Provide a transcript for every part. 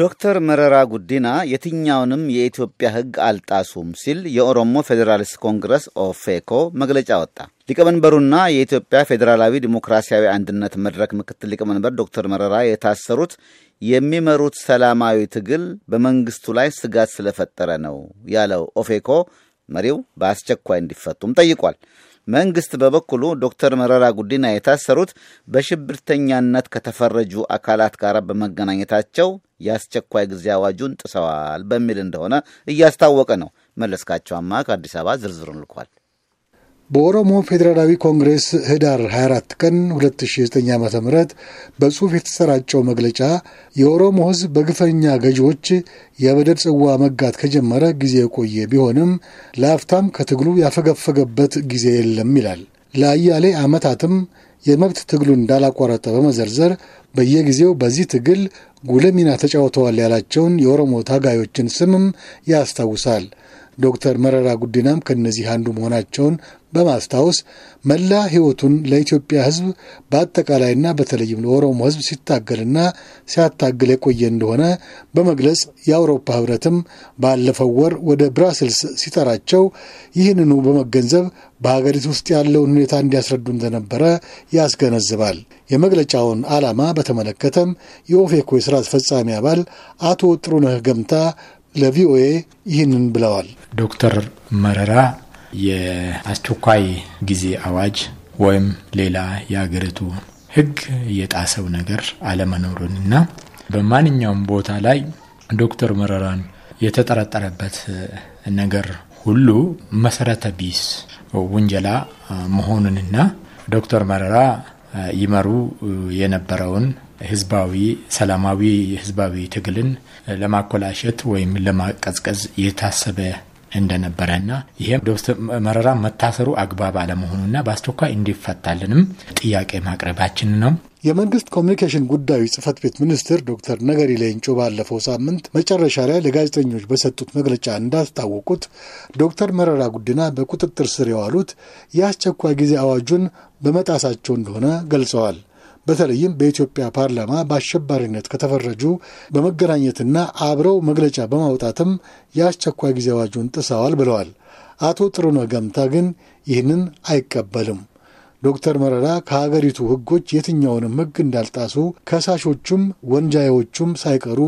ዶክተር መረራ ጉዲና የትኛውንም የኢትዮጵያ ሕግ አልጣሱም ሲል የኦሮሞ ፌዴራሊስት ኮንግረስ ኦፌኮ መግለጫ ወጣ። ሊቀመንበሩና የኢትዮጵያ ፌዴራላዊ ዲሞክራሲያዊ አንድነት መድረክ ምክትል ሊቀመንበር ዶክተር መረራ የታሰሩት የሚመሩት ሰላማዊ ትግል በመንግስቱ ላይ ስጋት ስለፈጠረ ነው ያለው ኦፌኮ መሪው በአስቸኳይ እንዲፈቱም ጠይቋል። መንግስት በበኩሉ ዶክተር መረራ ጉዲና የታሰሩት በሽብርተኛነት ከተፈረጁ አካላት ጋር በመገናኘታቸው የአስቸኳይ ጊዜ አዋጁን ጥሰዋል በሚል እንደሆነ እያስታወቀ ነው። መለስካቸው አማ ከአዲስ አበባ ዝርዝሩን ልኳል። በኦሮሞ ፌዴራላዊ ኮንግሬስ ህዳር 24 ቀን 2009 ዓ ም በጽሑፍ የተሰራጨው መግለጫ የኦሮሞ ህዝብ በግፈኛ ገዢዎች የበደል ጽዋ መጋት ከጀመረ ጊዜ የቆየ ቢሆንም ለአፍታም ከትግሉ ያፈገፈገበት ጊዜ የለም ይላል። ለአያሌ ዓመታትም የመብት ትግሉን እንዳላቋረጠ በመዘርዘር በየጊዜው በዚህ ትግል ጉልህ ሚና ተጫውተዋል ያላቸውን የኦሮሞ ታጋዮችን ስምም ያስታውሳል። ዶክተር መረራ ጉዲናም ከእነዚህ አንዱ መሆናቸውን በማስታወስ መላ ሕይወቱን ለኢትዮጵያ ሕዝብ በአጠቃላይና በተለይም ለኦሮሞ ሕዝብ ሲታገልና ሲያታግል የቆየ እንደሆነ በመግለጽ የአውሮፓ ሕብረትም ባለፈው ወር ወደ ብራስልስ ሲጠራቸው ይህንኑ በመገንዘብ በሀገሪቱ ውስጥ ያለውን ሁኔታ እንዲያስረዱ እንደነበረ ያስገነዝባል። የመግለጫውን ዓላማ በተመለከተም የኦፌኮ የሥራ አስፈጻሚ አባል አቶ ጥሩነህ ገምታ ለቪኦኤ ይህንን ብለዋል። ዶክተር መረራ የአስቸኳይ ጊዜ አዋጅ ወይም ሌላ የሀገሪቱ ሕግ የጣሰው ነገር አለመኖሩንና በማንኛውም ቦታ ላይ ዶክተር መረራን የተጠረጠረበት ነገር ሁሉ መሰረተ ቢስ ውንጀላ መሆኑንና ዶክተር መረራ ይመሩ የነበረውን ህዝባዊ ሰላማዊ ህዝባዊ ትግልን ለማኮላሸት ወይም ለማቀዝቀዝ የታሰበ እንደነበረና ይህም ዶክተር መረራ መታሰሩ አግባብ አለመሆኑና በአስቸኳይ እንዲፈታልንም ጥያቄ ማቅረባችን ነው። የመንግስት ኮሚኒኬሽን ጉዳዮች ጽህፈት ቤት ሚኒስትር ዶክተር ነገሪ ሌንጮ ባለፈው ሳምንት መጨረሻ ላይ ለጋዜጠኞች በሰጡት መግለጫ እንዳስታወቁት ዶክተር መረራ ጉዲና በቁጥጥር ስር የዋሉት የአስቸኳይ ጊዜ አዋጁን በመጣሳቸው እንደሆነ ገልጸዋል። በተለይም በኢትዮጵያ ፓርላማ በአሸባሪነት ከተፈረጁ በመገናኘትና አብረው መግለጫ በማውጣትም የአስቸኳይ ጊዜ አዋጁን ጥሰዋል ብለዋል። አቶ ጥሩነህ ገምታ ግን ይህንን አይቀበልም። ዶክተር መረራ ከሀገሪቱ ሕጎች የትኛውንም ሕግ እንዳልጣሱ ከሳሾቹም ወንጃዮቹም ሳይቀሩ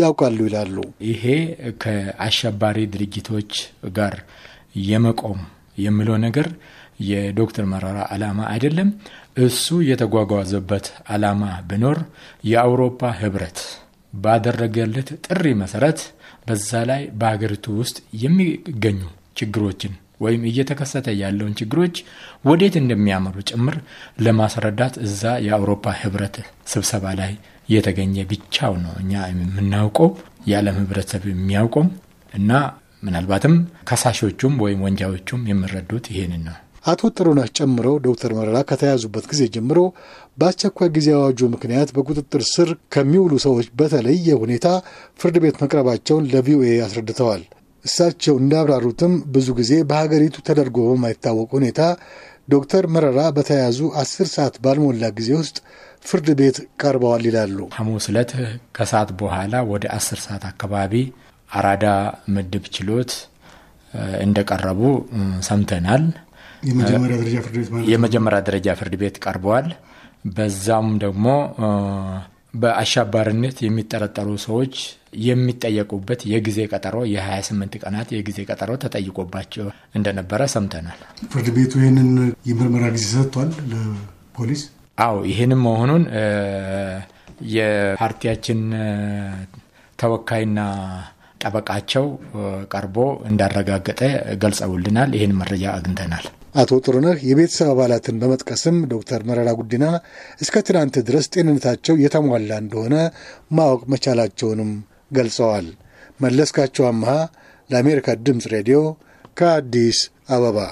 ያውቃሉ ይላሉ። ይሄ ከአሸባሪ ድርጅቶች ጋር የመቆም የምለው ነገር የዶክተር መረራ አላማ አይደለም። እሱ የተጓጓዘበት አላማ ቢኖር የአውሮፓ ህብረት ባደረገለት ጥሪ መሰረት በዛ ላይ በሀገሪቱ ውስጥ የሚገኙ ችግሮችን ወይም እየተከሰተ ያለውን ችግሮች ወዴት እንደሚያመሩ ጭምር ለማስረዳት እዛ የአውሮፓ ህብረት ስብሰባ ላይ የተገኘ ብቻው ነው እኛ የምናውቀው የዓለም ህብረተሰብ የሚያውቀው እና ምናልባትም ከሳሾቹም ወይም ወንጃዎቹም የሚረዱት ይሄንን ነው። አቶ ጥሩነህ ጨምሮ ዶክተር መረራ ከተያዙበት ጊዜ ጀምሮ በአስቸኳይ ጊዜ አዋጁ ምክንያት በቁጥጥር ስር ከሚውሉ ሰዎች በተለየ ሁኔታ ፍርድ ቤት መቅረባቸውን ለቪኦኤ አስረድተዋል። እሳቸው እንዳብራሩትም ብዙ ጊዜ በሀገሪቱ ተደርጎ በማይታወቅ ሁኔታ ዶክተር መረራ በተያያዙ አስር ሰዓት ባልሞላ ጊዜ ውስጥ ፍርድ ቤት ቀርበዋል ይላሉ። ሐሙስ ዕለት ከሰዓት በኋላ ወደ አስር ሰዓት አካባቢ አራዳ ምድብ ችሎት እንደቀረቡ ሰምተናል። የመጀመሪያ ደረጃ ፍርድ ቤት ቀርበዋል። በዛም ደግሞ በአሸባሪነት የሚጠረጠሩ ሰዎች የሚጠየቁበት የጊዜ ቀጠሮ የ28 ቀናት የጊዜ ቀጠሮ ተጠይቆባቸው እንደነበረ ሰምተናል። ፍርድ ቤቱ ይህንን የምርመራ ጊዜ ሰጥቷል ለፖሊስ። አዎ ይህንም መሆኑን የፓርቲያችን ተወካይና ጠበቃቸው ቀርቦ እንዳረጋገጠ ገልጸውልናል። ይህን መረጃ አግኝተናል። አቶ ጥሩነህ የቤተሰብ አባላትን በመጥቀስም ዶክተር መረራ ጉዲና እስከ ትናንት ድረስ ጤንነታቸው የተሟላ እንደሆነ ማወቅ መቻላቸውንም ገልጸዋል። መለስካቸው አምሃ ለአሜሪካ ድምፅ ሬዲዮ ከአዲስ አበባ